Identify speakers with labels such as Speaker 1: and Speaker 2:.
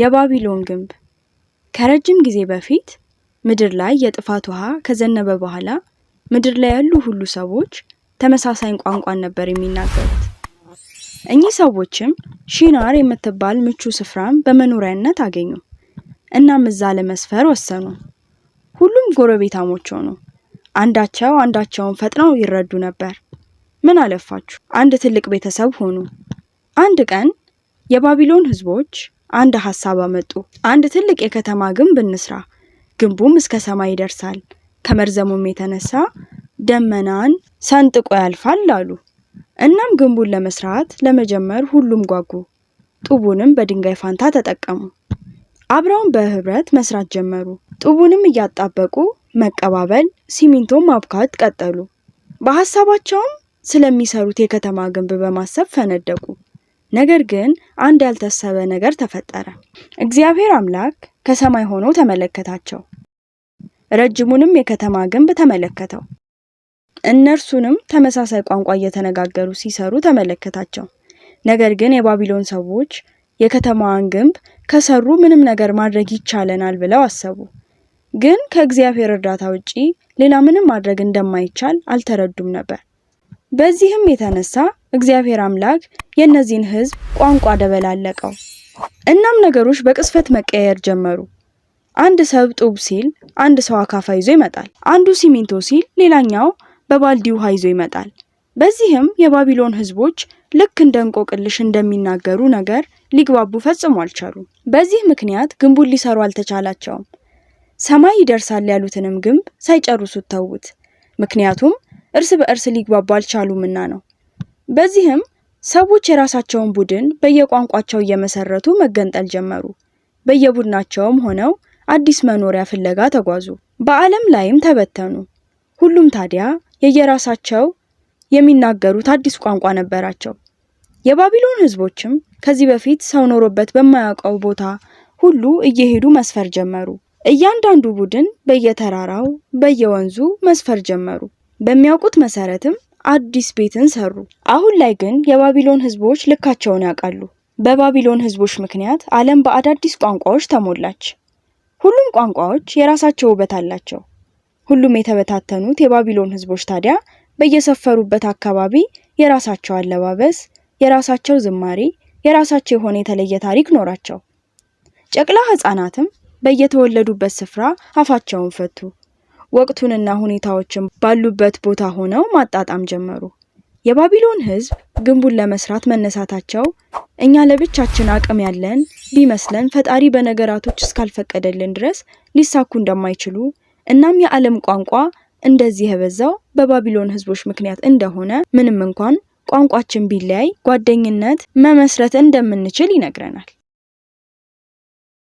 Speaker 1: የባቢሎን ግንብ ከረጅም ጊዜ በፊት ምድር ላይ የጥፋት ውሃ ከዘነበ በኋላ ምድር ላይ ያሉ ሁሉ ሰዎች ተመሳሳይ ቋንቋን ነበር የሚናገሩት። እኚህ ሰዎችም ሺናር የምትባል ምቹ ስፍራን በመኖሪያነት አገኙ። እናም እዛ ለመስፈር ወሰኑ። ሁሉም ጎረቤታሞች ሆኑ። አንዳቸው አንዳቸውን ፈጥነው ይረዱ ነበር። ምን አለፋችሁ አንድ ትልቅ ቤተሰብ ሆኑ። አንድ ቀን የባቢሎን ህዝቦች? አንድ ሀሳብ አመጡ። አንድ ትልቅ የከተማ ግንብ እንስራ፣ ግንቡም እስከ ሰማይ ይደርሳል፣ ከመርዘሙም የተነሳ ደመናን ሰንጥቆ ያልፋል አሉ። እናም ግንቡን ለመስራት ለመጀመር ሁሉም ጓጉ። ጡቡንም በድንጋይ ፋንታ ተጠቀሙ። አብረውን በህብረት መስራት ጀመሩ። ጡቡንም እያጣበቁ መቀባበል፣ ሲሚንቶም ማብካት ቀጠሉ። በሀሳባቸውም ስለሚሰሩት የከተማ ግንብ በማሰብ ፈነደቁ። ነገር ግን አንድ ያልታሰበ ነገር ተፈጠረ። እግዚአብሔር አምላክ ከሰማይ ሆኖ ተመለከታቸው፣ ረጅሙንም የከተማ ግንብ ተመለከተው። እነርሱንም ተመሳሳይ ቋንቋ እየተነጋገሩ ሲሰሩ ተመለከታቸው። ነገር ግን የባቢሎን ሰዎች የከተማዋን ግንብ ከሰሩ ምንም ነገር ማድረግ ይቻለናል ብለው አሰቡ። ግን ከእግዚአብሔር እርዳታ ውጪ ሌላ ምንም ማድረግ እንደማይቻል አልተረዱም ነበር። በዚህም የተነሳ እግዚአብሔር አምላክ የእነዚህን ህዝብ ቋንቋ ደበላለቀው። እናም ነገሮች በቅስፈት መቀየር ጀመሩ። አንድ ሰው ጡብ ሲል አንድ ሰው አካፋ ይዞ ይመጣል። አንዱ ሲሚንቶ ሲል ሌላኛው በባልዲ ውሃ ይዞ ይመጣል። በዚህም የባቢሎን ህዝቦች ልክ እንደ እንቆቅልሽ እንደሚናገሩ ነገር ሊግባቡ ፈጽሞ አልቻሉም። በዚህ ምክንያት ግንቡን ሊሰሩ አልተቻላቸውም። ሰማይ ይደርሳል ያሉትንም ግንብ ሳይጨርሱት ተዉት። ምክንያቱም እርስ በእርስ ሊግባባ አልቻሉምና ነው። በዚህም ሰዎች የራሳቸውን ቡድን በየቋንቋቸው እየመሰረቱ መገንጠል ጀመሩ። በየቡድናቸውም ሆነው አዲስ መኖሪያ ፍለጋ ተጓዙ። በዓለም ላይም ተበተኑ። ሁሉም ታዲያ የየራሳቸው የሚናገሩት አዲስ ቋንቋ ነበራቸው። የባቢሎን ህዝቦችም ከዚህ በፊት ሰው ኖሮበት በማያውቀው ቦታ ሁሉ እየሄዱ መስፈር ጀመሩ። እያንዳንዱ ቡድን በየተራራው፣ በየወንዙ መስፈር ጀመሩ። በሚያውቁት መሰረትም አዲስ ቤትን ሰሩ። አሁን ላይ ግን የባቢሎን ህዝቦች ልካቸውን ያውቃሉ። በባቢሎን ህዝቦች ምክንያት ዓለም በአዳዲስ ቋንቋዎች ተሞላች። ሁሉም ቋንቋዎች የራሳቸው ውበት አላቸው። ሁሉም የተበታተኑት የባቢሎን ህዝቦች ታዲያ በየሰፈሩበት አካባቢ የራሳቸው አለባበስ፣ የራሳቸው ዝማሬ፣ የራሳቸው የሆነ የተለየ ታሪክ ኖራቸው። ጨቅላ ህፃናትም በየተወለዱበት ስፍራ አፋቸውን ፈቱ። ወቅቱንና ሁኔታዎችን ባሉበት ቦታ ሆነው ማጣጣም ጀመሩ። የባቢሎን ህዝብ ግንቡን ለመስራት መነሳታቸው እኛ ለብቻችን አቅም ያለን ቢመስለን ፈጣሪ በነገራቶች እስካልፈቀደልን ድረስ ሊሳኩ እንደማይችሉ እናም የዓለም ቋንቋ እንደዚህ የበዛው በባቢሎን ህዝቦች ምክንያት እንደሆነ ምንም እንኳን ቋንቋችን ቢለያይ ጓደኝነት መመስረት እንደምንችል ይነግረናል።